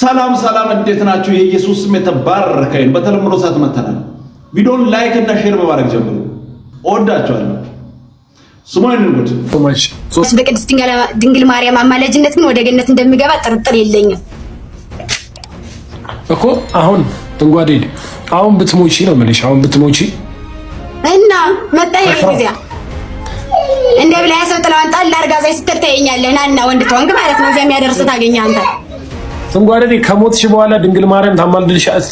ሰላም ሰላም፣ እንዴት ናችሁ? የኢየሱስ ስም የተባረከ ይሁን። በተለምዶ ሰዓት መተናል። ቪዲዮን ላይክ እና ሼር በማድረግ ጀምሩ። እወዳችኋለሁ። ስሞንንጉድ በቅድስት ድንግል ማርያም አማላጅነት ግን ወደ ገነት እንደሚገባ ጥርጥር የለኝም እኮ አሁን አሁን ብትሞቺ ነው የምልሽ። አሁን ብትሞቺ እና መጣ እንደ ብላ ጣል ስትል ታየኛለህ። ና እና ወንድ ተወንግ ማለት ነው። እዚያ የሚያደርስ ታገኛለህ እንጓደዴ ከሞትሽ በኋላ ድንግል ማርያም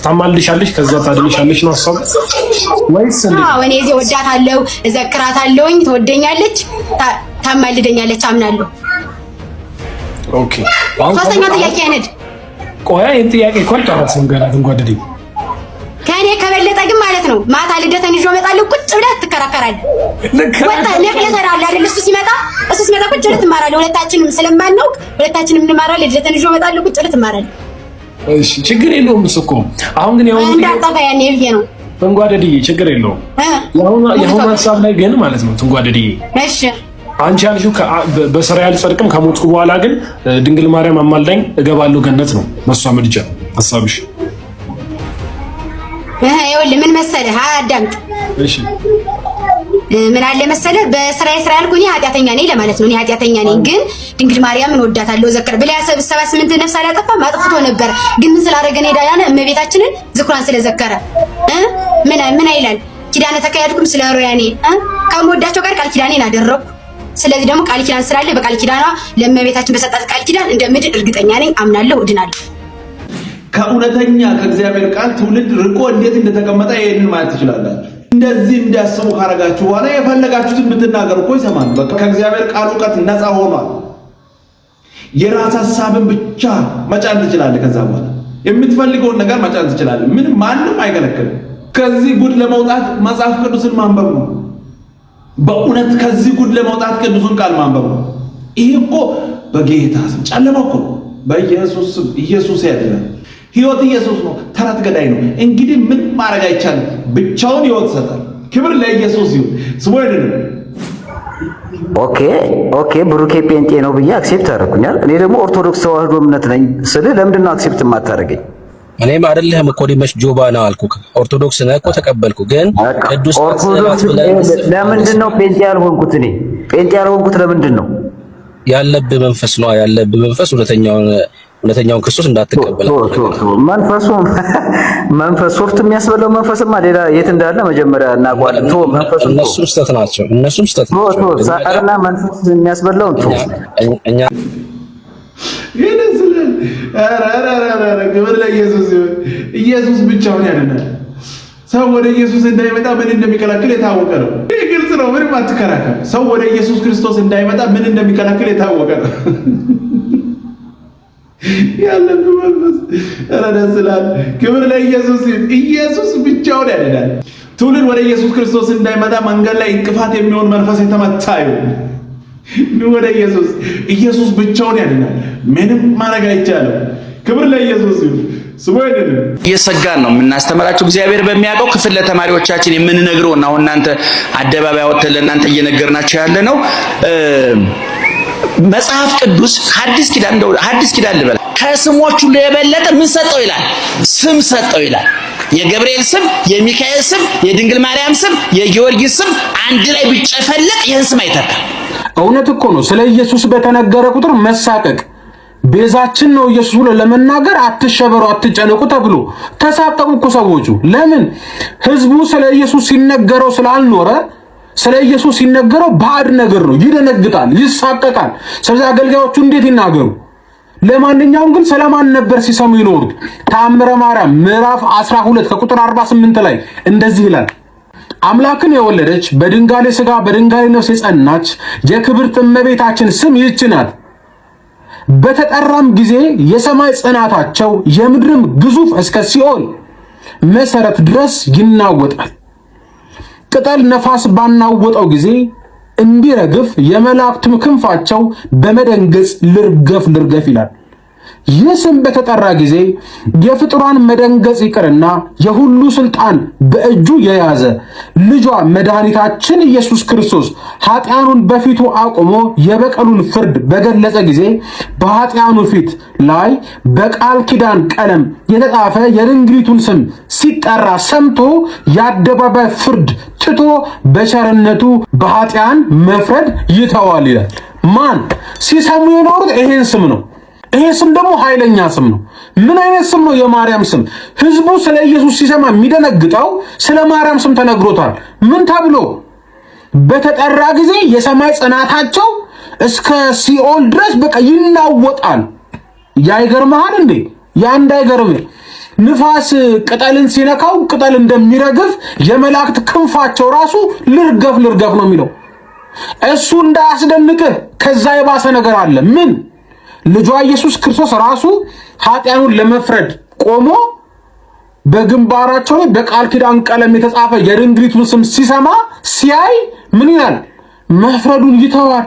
ታማልድሻለሽ፣ ከዛ ታድንሻለሽ ነው ሀሳቡ ወይስ? አዎ እኔ እዚህ ወዳታለሁ፣ እዘክራታለሁኝ፣ ትወደኛለች፣ ታማልደኛለች፣ አምናለሁ። ኦኬ ሶስተኛው ጥያቄ አይነድ ቆያ ይህን ጥያቄ ኮልጫ ገና እንጓደዴ ከእኔ ከበለጠ ግን ማለት ነው ማታ ልደተን ይዤ እመጣለሁ። ቁጭ ብለህ ትከራከራለህ። ወጣ ለክ ለሰራለ አይደል? እሱ ሲመጣ እሱ ሲመጣ ቁጭ ብለህ ትማራለህ። ሁለታችንም ስለማናውቅ ሁለታችንም እንማራለን። ልደተን ይዤ እመጣለሁ። ቁጭ ብለህ ትማራለህ። እሺ፣ ችግር የለውም። እሱ እኮ አሁን ግን ያው እንዳጣፋ ያኔ ብዬ ነው ትንጓደድዬ፣ ችግር የለውም። የአሁኑ ሀሳብ ላይ ግን ማለት ነው ትንጓደድዬ፣ እሺ አንቺ ያልሽው በስራ ያልጸድቅም ከሞትኩ በኋላ ግን ድንግል ማርያም አማልዳኝ እገባለሁ ገነት ነው። በሷ ምልጃ ሀሳብሽ ይኸውልህ ምን መሰለህ አዳምጥ። እሺ ምን አለ መሰለህ በስራዬ ስራ ያልኩህ እኔ ኃጢአተኛ ነኝ ለማለት ነው። እኔ ኃጢአተኛ ነኝ፣ ግን ድንግል ማርያምን እወዳታለሁ። ዘከር ብላ ሰባ ስምንት ነፍስ አላጠፋም፣ አጥፍቶ ነበር። ግን ምን ስላደረገ ነው ዳያነ እመቤታችንን ዝክሯን ስለዘከረ ምን ምን ይላል ኪዳነ ተካያድኩም ስለ ሮያኔ ከምወዳቸው ጋር ቃል ኪዳኔን አደረኩ። ስለዚህ ደግሞ ቃል ኪዳን ስላለ በቃል ኪዳኗ ለእመቤታችን በሰጣት ቃል ኪዳን እንደ ምድር እርግጠኛ ነኝ፣ አምናለሁ፣ እድናለሁ። ከእውነተኛ ከእግዚአብሔር ቃል ትውልድ ርቆ እንዴት እንደተቀመጠ ይህንን ማየት ትችላላችሁ። እንደዚህ እንዲያስቡ ካረጋችሁ በኋላ የፈለጋችሁትን ብትናገሩ እኮ ይሰማል። በቃ ከእግዚአብሔር ቃል እውቀት ነፃ ሆኗል። የራስ ሀሳብን ብቻ መጫን ትችላለህ። ከዛ በኋላ የምትፈልገውን ነገር መጫን ትችላለህ። ምን ማንም አይከለክልም። ከዚህ ጉድ ለመውጣት መጽሐፍ ቅዱስን ማንበብ ነው። በእውነት ከዚህ ጉድ ለመውጣት ቅዱሱን ቃል ማንበብ ነው። ይህ እኮ በጌታ ስም ጨለማ እኮ በኢየሱስ ኢየሱስ ያድናል። ህይወት ኢየሱስ ነው። ተረት ገዳይ ነው። እንግዲህ ምን ማድረግ አይቻልም። ብቻውን ህይወት ይሰጣል። ክብር ለኢየሱስ ይሁን። ስሙ አይደለም። ኦኬ ኦኬ። ብሩኬ ጴንጤ ነው ብዬ አክሴፕት አደረኩኛል። እኔ ደግሞ ኦርቶዶክስ ተዋህዶ እምነት ነኝ ስል ለምንድን ነው አክሴፕት የማታደርገኝ? እኔም አይደለህም እኮ ዲመሽ ጆባ ነው አልኩ። ኦርቶዶክስ ነህ እኮ ተቀበልኩ። ግን ቅዱስ ኦርቶዶክስ ለምንድን ነው ጴንጤ ያልሆንኩት? እኔ ጴንጤ ያልሆንኩት ለምንድን ነው? ያለብህ መንፈስ ነው ያለብህ መንፈስ እውነተኛውን እውነተኛውን ክርስቶስ እንዳትቀበል መንፈሱ መንፈስ ሶፍት የሚያስበለው መንፈስማ ሌላ የት እንዳለ መጀመሪያ እናውቀዋለን። እነሱም ስተት ናቸው። እነሱም ስህተት ናቸው። መንፈስ ቶ እኛ ግብር ለኢየሱስ ይሁን። ኢየሱስ ብቻውን ያድናል። ሰው ወደ ኢየሱስ እንዳይመጣ ምን እንደሚከላከል የታወቀ ነው። ይህ ግልጽ ነው። ምንም አትከራከር። ሰው ወደ ኢየሱስ ክርስቶስ እንዳይመጣ ምን እንደሚከላከል የታወቀ ነው። ያለብ መንፈስ ረደስላል። ክብር ለኢየሱስ። ኢየሱስ ብቻውን ያድናል። ትውልድ ወደ ኢየሱስ ክርስቶስ እንዳይመጣ መንገድ ላይ እንቅፋት የሚሆን መንፈስ የተመታ ይሁን። ወደ ኢየሱስ። ኢየሱስ ብቻውን ያድናል። ምንም ማድረግ አይቻልም። ክብር ለኢየሱስ ይሁን። እየሰጋን ነው የምናስተምራቸው። እግዚአብሔር በሚያውቀው ክፍል ለተማሪዎቻችን የምንነግረው እና አሁን እናንተ አደባባይ ወጥተን ለእናንተ እየነገርናቸው ያለ ነው። መጽሐፍ ቅዱስ ሐዲስ ኪዳን እንደው ሐዲስ ኪዳን ልበል ከስሞቹ ሁሉ የበለጠ ምን ሰጠው ይላል? ስም ሰጠው ይላል። የገብርኤል ስም፣ የሚካኤል ስም፣ የድንግል ማርያም ስም፣ የጊዮርጊስ ስም አንድ ላይ ቢጨፈለቅ ይህን ስም አይተካም። እውነት እኮ ነው። ስለ ኢየሱስ በተነገረ ቁጥር መሳቀቅ ቤዛችን ነው ኢየሱስ ብሎ ለመናገር አትሸበሩ፣ አትጨነቁ ተብሎ ተሳቀቁ እኮ ሰዎቹ። ለምን ህዝቡ ስለ ኢየሱስ ሲነገረው ስላልኖረ ስለ ኢየሱስ ሲነገረው ባዕድ ነገር ነው። ይደነግጣል፣ ይሳቀቃል። ስለዚህ አገልጋዮቹ እንዴት ይናገሩ? ለማንኛውም ግን ሰላማን ነበር ሲሰሙ ይኖሩት? ታምረ ማርያም ምዕራፍ 12 ከቁጥር 48 ላይ እንደዚህ ይላል አምላክን የወለደች በድንጋሌ ስጋ በድንጋሌ ነፍስ የጸናች የክብርት እመቤታችን ስም ይህች ናት። በተጠራም ጊዜ የሰማይ ጽናታቸው የምድርም ግዙፍ እስከ ሲኦል መሰረት ድረስ ይናወጣል። ቅጠል ነፋስ ባናወጠው ጊዜ እንዲረግፍ የመላእክቱም ክንፋቸው በመደንገጽ ልርገፍ ልርገፍ ይላል። ይህ ስም በተጠራ ጊዜ የፍጥሯን መደንገጽ ይቅርና የሁሉ ስልጣን በእጁ የያዘ ልጇ መድኃኒታችን ኢየሱስ ክርስቶስ ኃጢያኑን በፊቱ አቁሞ የበቀሉን ፍርድ በገለጸ ጊዜ በኃጢያኑ ፊት ላይ በቃል ኪዳን ቀለም የተጻፈ የድንግሊቱን ስም ሲጠራ ሰምቶ የአደባባይ ፍርድ ትቶ በቸርነቱ በኃጢያን መፍረድ ይተዋል ይላል። ማን ሲሰሙ የኖሩት ይሄን ስም ነው። ይሄ ስም ደግሞ ኃይለኛ ስም ነው። ምን አይነት ስም ነው? የማርያም ስም። ህዝቡ ስለ ኢየሱስ ሲሰማ የሚደነግጠው ስለ ማርያም ስም ተነግሮታል። ምን ተብሎ በተጠራ ጊዜ የሰማይ ጽናታቸው እስከ ሲኦል ድረስ በቃ ይናወጣል። ያይገርምሃል እንዴ? ያንድ አይገርም። ንፋስ ቅጠልን ሲነካው ቅጠል እንደሚረግፍ የመላእክት ክንፋቸው ራሱ ልርገፍ ልርገፍ ነው የሚለው። እሱ እንዳያስደንቅህ፣ ከዛ የባሰ ነገር አለ። ምን ልጇ ኢየሱስ ክርስቶስ ራሱ ኃጢያኑን ለመፍረድ ቆሞ በግንባራቸው ላይ በቃል ኪዳን ቀለም የተጻፈ የድንግሊቱን ስም ሲሰማ ሲያይ ምን ይላል? መፍረዱን ይተዋል፣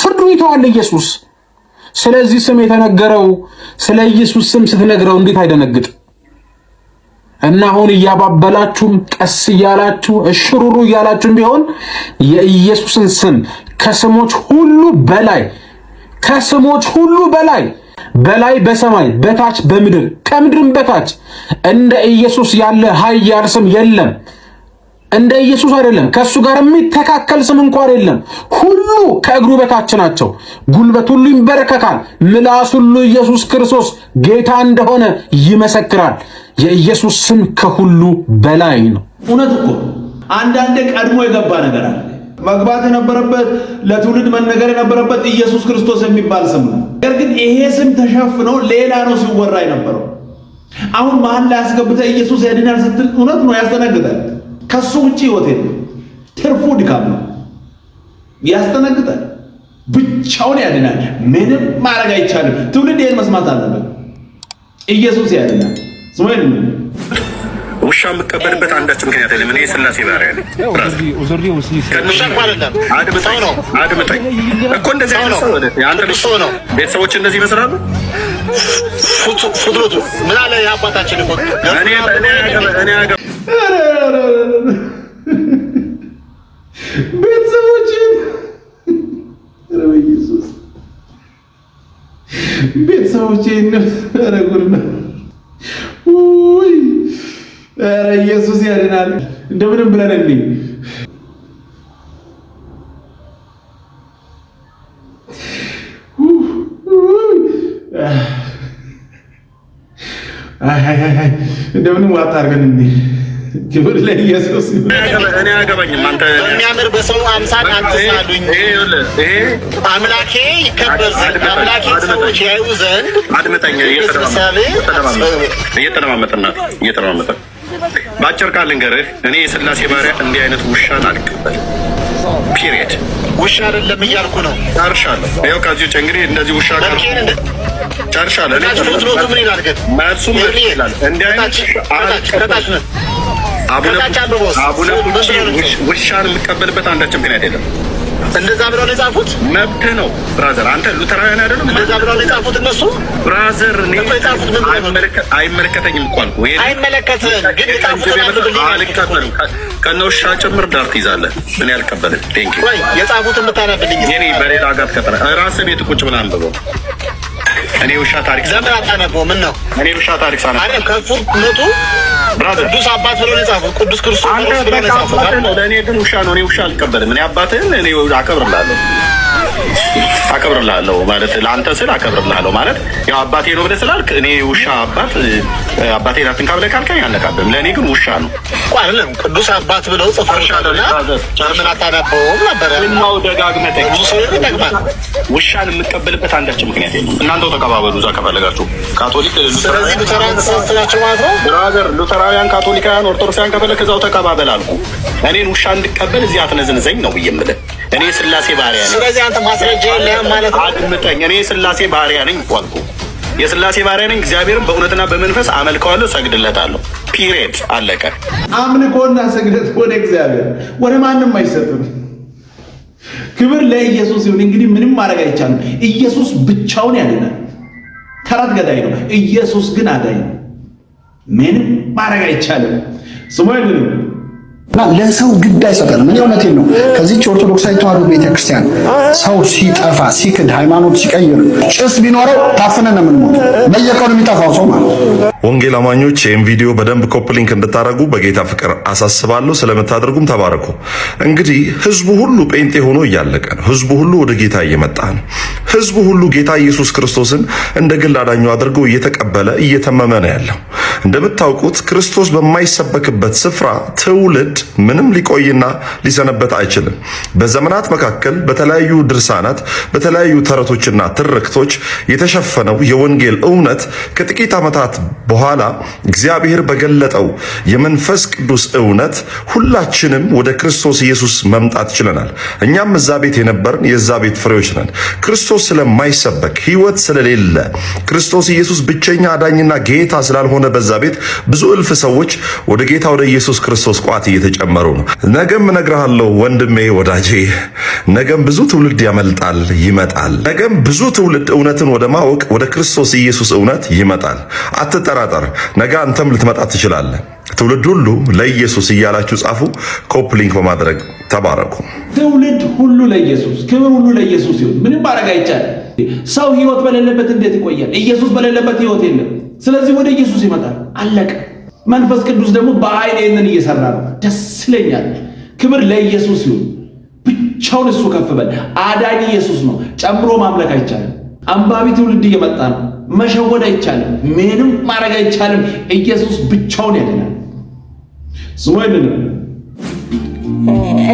ፍርዱን ይተዋል ኢየሱስ። ስለዚህ ስም የተነገረው ስለ ኢየሱስ ስም ስትነግረው እንዴት አይደነግጥ? እና አሁን እያባበላችሁም ቀስ እያላችሁ እሽሩሩ እያላችሁም ቢሆን የኢየሱስን ስም ከስሞች ሁሉ በላይ ከስሞች ሁሉ በላይ በላይ በሰማይ በታች በምድር ከምድርም በታች እንደ ኢየሱስ ያለ ኃያል ስም የለም። እንደ ኢየሱስ አይደለም፣ ከእሱ ጋር የሚተካከል ስም እንኳን የለም። ሁሉ ከእግሩ በታች ናቸው። ጉልበት ሁሉ ይንበረከካል፣ ምላስ ሁሉ ኢየሱስ ክርስቶስ ጌታ እንደሆነ ይመሰክራል። የኢየሱስ ስም ከሁሉ በላይ ነው። እውነት እኮ አንዳንዴ ቀድሞ የገባ ነገር አለ መግባት የነበረበት ለትውልድ መነገር የነበረበት ኢየሱስ ክርስቶስ የሚባል ስም ነው። ነገር ግን ይሄ ስም ተሸፍኖ ሌላ ነው ሲወራ የነበረው። አሁን መሀል ላይ አስገብተ ኢየሱስ ያድናል ስትል እውነት ነው ያስተነግጣል። ከሱ ውጭ ህይወት የለም። ትርፉ ድካም ነው። ያስደነግጣል። ብቻውን ያድናል። ምንም ማድረግ አይቻልም። ትውልድ ይህን መስማት አለበት። ኢየሱስ ያድናል ስሙ ውሻ የምቀበልበት አንዳች ምክንያት የለም። እኔ የስላሴ ባሪያ ነኝ። አድምጠኝ እኮ እንደዚህ ነው። ቤተሰቦች እንደዚህ ይመስላሉ። ፍትሮቱ ምን አለ የአባታችን እኮ ቤተሰቦች ነው ረጉር ነው ኧረ ኢየሱስ ያድናል። እንደምንም ብለን እንይ። እንደምንም ዋጣ አድርገን እንይ። ክብር ለኢየሱስ። እኔ አያገባኝም። አንተ በሚያምር በሰው አምሳል አትሳሉኝ። አምላኬ ይከበር አምላኬ ሰዎች ያዩ ዘንድ አድምጠኛ እየተለማመጠና እየተለማመጠ በአጭር ቃል ልንገርህ፣ እኔ የስላሴ ባሪያ እንዲህ አይነት ውሻን አልቀበል። ፒሪየድ። ውሻ አይደለም እያልኩ ነው። ጨርሻለሁ። ይኸው ከዚህ ውጭ እንግዲህ እንደዚህ ውሻ ጨርሻለሁ። አቡነ ውሻን የምቀበልበት አንዳችን ምክንያት የለም። እንደዛ ብለው የጻፉት መብት ነው ብራዘር። አንተ ሉተራውያን አይደለም። እንደዛ ብለው የጻፉት እነሱ ብራዘር፣ አይመለከተኝም እኮ አልኩ። አይመለከትም ግን አልቀበልም። ከነ ውሻ ጭምር ዳር ትይዛለህ። እኔ አልቀበልም። የጻፉት የምታነብልኝ እኔ በሌላ ጋር ትቀበላለህ። እራስህ ቤት ቁጭ ብለህ አንብበው። እኔ ውሻ ታሪክ ለምን አታነበውም? ምን ነው እኔ ውሻ ታሪክ ሳነ አረ ከፉ መጡ ቅዱስ አባት ብሎ የጻፈው ቅዱስ ክርስቶስ ብሎ የጻፈው ለእኔ ግን ውሻ ነው። እኔ ውሻ አልቀበልም። እኔ አባትህን እኔ አከብርላለሁ። አከብርልሃለሁ ማለት ለአንተ ስል አከብርልሃለሁ ማለት ያው አባቴ ነው ብለህ ስላልክ እኔ ውሻ አባት አባቴን አትንካ ብለህ ካልከኝ አልነካብህም። ለእኔ ግን ውሻ ነው አይደለም። ቅዱስ አባት ብለው ጽፈሻልና ጀርመን አታነበውም ነበረ እናው ደጋግመህ ውሻን የምቀበልበት አንዳቸው ምክንያት የለም። እናንተው ተቀባበሉ እዛ ከፈለጋችሁ ካቶሊክ ስለዚህ ሉተራን ማለት ነው ብራዘር፣ ሉተራውያን፣ ካቶሊካውያን፣ ኦርቶዶክሳውያን ከፈለክ እዛው ተቀባበል አልኩ። እኔን ውሻ እንድቀበል እዚህ አትነዝንዘኝ ነው ብዬ የምልህ እኔ ስላሴ ባሪያ ነኝ። ስለዚህ አንተ ማስረጃ የለህም ማለት ነው። አድምጠኝ፣ እኔ ስላሴ ባሪያ ነኝ ዋልኩ። የስላሴ ባሪያ ነኝ። እግዚአብሔርም በእውነትና በመንፈስ አመልከዋለሁ፣ ሰግድለታለሁ። ፒሬድ አለቀ። አምልኮና ስግደት ወደ እግዚአብሔር ወደ ማንም አይሰጥም። ክብር ለኢየሱስ ይሁን። እንግዲህ ምንም ማድረግ አይቻልም። ኢየሱስ ብቻውን ያድናል። ተራት ገዳይ ነው። ኢየሱስ ግን አዳይ ነው። ምንም ማድረግ አይቻልም። ስሙ እና ለሰው ግድ አይሰጠንም። እኔ እውነቴን ነው። ከዚች ኦርቶዶክሳዊ ተዋሕዶ ቤተክርስቲያን ሰው ሲጠፋ ሲክድ፣ ሃይማኖት ሲቀይር፣ ጭስ ቢኖረው ታፍነን ነው የምንሞት። በየቀኑ የሚጠፋው ሰው ማለት ወንጌል አማኞች ይህም ቪዲዮ በደንብ ኮፕሊንክ እንድታደርጉ በጌታ ፍቅር አሳስባለሁ። ስለምታደርጉም ተባረኩ። እንግዲህ ህዝቡ ሁሉ ጴንጤ ሆኖ እያለቀ ነው። ህዝቡ ሁሉ ወደ ጌታ እየመጣ ነው። ህዝቡ ሁሉ ጌታ ኢየሱስ ክርስቶስን እንደ ግል አዳኙ አድርጎ እየተቀበለ እየተመመ ነው ያለው። እንደምታውቁት ክርስቶስ በማይሰበክበት ስፍራ ትውልድ ምንም ሊቆይና ሊሰነበት አይችልም። በዘመናት መካከል በተለያዩ ድርሳናት፣ በተለያዩ ተረቶችና ትርክቶች የተሸፈነው የወንጌል እውነት ከጥቂት ዓመታት በኋላ እግዚአብሔር በገለጠው የመንፈስ ቅዱስ እውነት ሁላችንም ወደ ክርስቶስ ኢየሱስ መምጣት ችለናል። እኛም እዛ ቤት የነበርን የዛ ቤት ፍሬዎች ነን። ክርስቶስ ስለማይሰበክ ሕይወት ስለሌለ ክርስቶስ ኢየሱስ ብቸኛ አዳኝና ጌታ ስላልሆነ በዛ ቤት ብዙ እልፍ ሰዎች ወደ ጌታ ወደ ኢየሱስ ክርስቶስ ቋት እየተ እየጨመሩ ነው። ነገም እነግርሃለሁ ወንድሜ ወዳጄ፣ ነገም ብዙ ትውልድ ያመልጣል ይመጣል። ነገም ብዙ ትውልድ እውነትን ወደ ማወቅ ወደ ክርስቶስ ኢየሱስ እውነት ይመጣል። አትጠራጠር። ነገ አንተም ልትመጣ ትችላለህ። ትውልድ ሁሉ ለኢየሱስ እያላችሁ ጻፉ። ኮፕሊንክ በማድረግ ተባረኩ። ትውልድ ሁሉ ለኢየሱስ፣ ክብር ሁሉ ለኢየሱስ ይሁን። ምንም ማድረግ አይቻልም። ሰው ህይወት በሌለበት እንዴት ይቆያል? ኢየሱስ በሌለበት ህይወት የለም። ስለዚህ ወደ ኢየሱስ ይመጣል። አለቀ። መንፈስ ቅዱስ ደግሞ በኃይል ይህንን እየሰራ ነው። ደስ ይለኛል። ክብር ለኢየሱስ ይሁን። ብቻውን እሱ ከፍ በል። አዳኝ ኢየሱስ ነው። ጨምሮ ማምለክ አይቻልም። አንባቢ ትውልድ እየመጣ ነው። መሸወድ አይቻልም። ምንም ማድረግ አይቻልም። ኢየሱስ ብቻውን ያድናል። ስሞይልን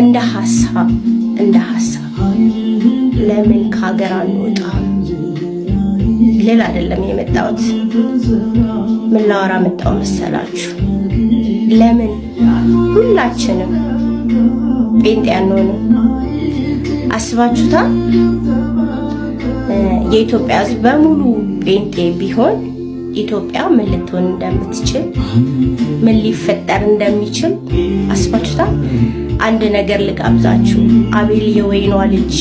እንደ ሀሳብ እንደ ሀሳብ ለምን ከሀገር አንወጣም? ልል አይደለም የመጣሁት። ምን ላወራ መጣሁ መሰላችሁ? ለምን ሁላችንም ጴንጤ አንሆንም? አስባችሁታ? የኢትዮጵያ ሕዝብ በሙሉ ጴንጤ ቢሆን ኢትዮጵያ ምን ልትሆን እንደምትችል ምን ሊፈጠር እንደሚችል አስባችሁታ? አንድ ነገር ልጋብዛችሁ። አቤል የወይኗ ልጅ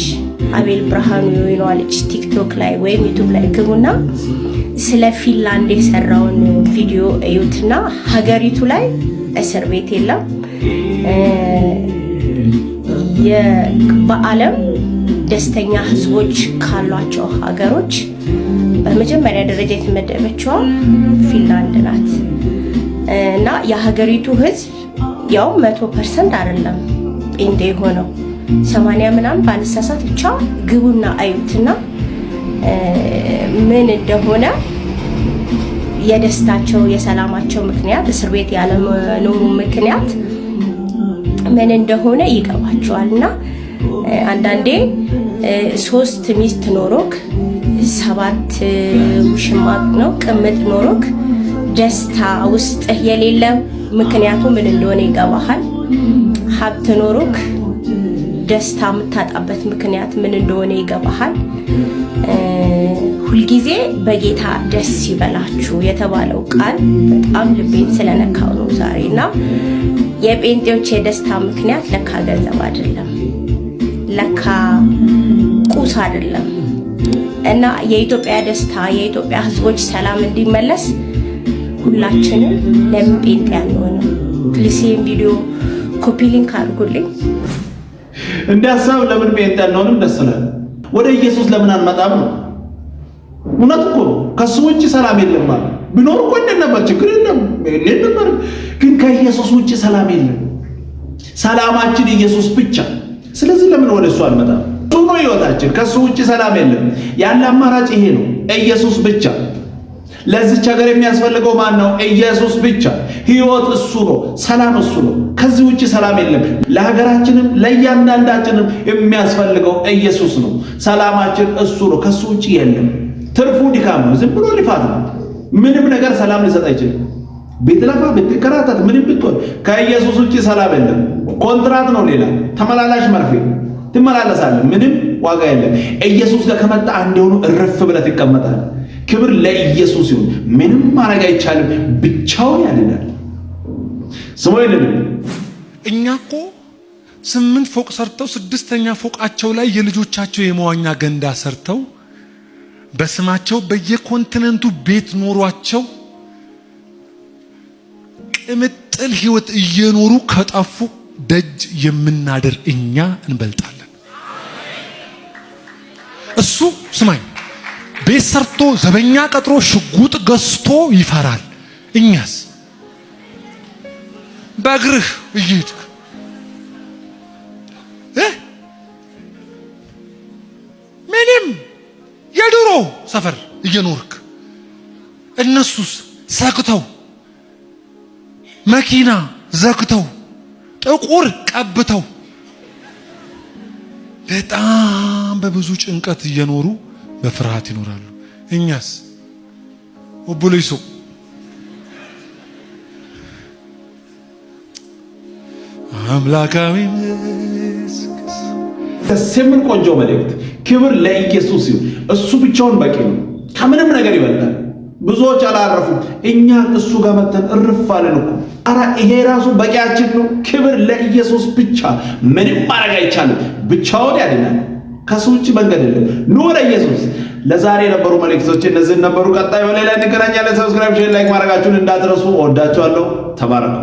አቤል ብርሃኑ የወይኗ ልጅ ቲክቶክ ላይ ወይም ዩቱብ ላይ ግቡና ስለ ፊንላንድ የሰራውን ቪዲዮ እዩትና ሀገሪቱ ላይ እስር ቤት የለም። በዓለም ደስተኛ ህዝቦች ካሏቸው ሀገሮች በመጀመሪያ ደረጃ የተመደበችዋ ፊንላንድ ናት እና የሀገሪቱ ህዝብ ያው መቶ ፐርሰንት አይደለም ጴንጤ የሆነው ሰማንያ ምናምን ባልሳሳት ብቻ ግቡና አዩትና ምን እንደሆነ የደስታቸው የሰላማቸው ምክንያት እስር ቤት ያለመኖሩ ምክንያት ምን እንደሆነ ይገባቸዋል። እና አንዳንዴ ሶስት ሚስት ኖሮክ ሰባት ሽማቅ ነው ቅምጥ ኖሮክ ደስታ ውስጥ የሌለ ምክንያቱ ምን እንደሆነ ይገባሃል። ሀብት ኖሮክ ደስታ የምታጣበት ምክንያት ምን እንደሆነ ይገባሃል። ሁልጊዜ በጌታ ደስ ይበላችሁ የተባለው ቃል በጣም ልቤን ስለነካው ነው ዛሬ እና የጴንጤዎች የደስታ ምክንያት ለካ ገንዘብ አይደለም፣ ለካ ቁስ አይደለም። እና የኢትዮጵያ ደስታ የኢትዮጵያ ሕዝቦች ሰላም እንዲመለስ ሁላችንም ለምን ጴንጤ አንሆንም? ፕሊስ ቪዲዮ ኮፒ ሊንክ አድርጉልኝ። እንደ ለምን ቤት ያለውንም ደስ ይላል። ወደ ኢየሱስ ለምን አንመጣም ነው? እውነት እኮ ከሱ ውጭ ሰላም የለም። ቢኖር እኮ እንዴት ነበር? ችግር የለም እንዴት ነበር? ግን ከኢየሱስ ውጭ ሰላም የለም። ሰላማችን ኢየሱስ ብቻ። ስለዚህ ለምን ወደ እሱ አንመጣም? እሱ ነው ህይወታችን። ከሱ ውጭ ሰላም የለም። ያለ አማራጭ ይሄ ነው፣ ኢየሱስ ብቻ ለዚች ሀገር የሚያስፈልገው ማን ነው? ኢየሱስ ብቻ። ህይወት እሱ ነው። ሰላም እሱ ነው። ከዚህ ውጭ ሰላም የለም። ለሀገራችንም ለእያንዳንዳችንም የሚያስፈልገው ኢየሱስ ነው። ሰላማችን እሱ ነው። ከሱ ውጭ የለም። ትርፉ ድካም ነው። ዝም ብሎ ልፋት ነው። ምንም ነገር ሰላም ሊሰጥ አይችልም። ብትለፋ ብትከራተት፣ ምንም ብትሆን ከኢየሱስ ውጭ ሰላም የለም። ኮንትራት ነው። ሌላ ተመላላሽ መርፌ ትመላለሳለህ። ምንም ዋጋ የለም። ኢየሱስ ጋር ከመጣ አንድ የሆኑ እርፍ ብለህ ትቀመጣለህ። ክብር ለኢየሱስ ይሁን። ምንም ማድረግ አይቻልም፣ ብቻውን ያድናል። ስሙ እኛ እኮ ስምንት ፎቅ ሰርተው ስድስተኛ ፎቃቸው ላይ የልጆቻቸው የመዋኛ ገንዳ ሰርተው በስማቸው በየኮንቲነንቱ ቤት ኖሯቸው ቅምጥል ህይወት እየኖሩ ከጠፉ ደጅ የምናደር እኛ እንበልጣለን። እሱ ስማኝ ቤት ሰርቶ ዘበኛ ቀጥሮ ሽጉጥ ገዝቶ ይፈራል። እኛስ በእግርህ እየሄድክ ምንም የድሮ ሰፈር እየኖርክ እነሱስ ሰግተው መኪና ዘግተው ጥቁር ቀብተው በጣም በብዙ ጭንቀት እየኖሩ በፍርሃት ይኖራሉ። እኛስ ኦቦ ለይሶ አምላካዊ የምን ቆንጆ መልእክት! ክብር ለኢየሱስ ይሁን። እሱ ብቻውን በቂ ነው፣ ከምንም ነገር ይበልጣል። ብዙዎች አላረፉም። እኛ እሱ ጋር መተን እርፍ አለን እኮ። ይሄ ራሱ በቂያችን ነው። ክብር ለኢየሱስ ብቻ። ምንም ማድረግ አይቻልም። ብቻውን ያድናል። ከሱ ውጭ መንገድ የለም። ኑረ ኢየሱስ ለዛሬ የነበሩ መልእክቶች እነዚህን ነበሩ። ቀጣይ በሌላ እንገናኛለን። ሰብስክራይብ፣ ሼር፣ ላይክ ማድረጋችሁን እንዳትረሱ። ወዳችኋለሁ። ተባረኩ።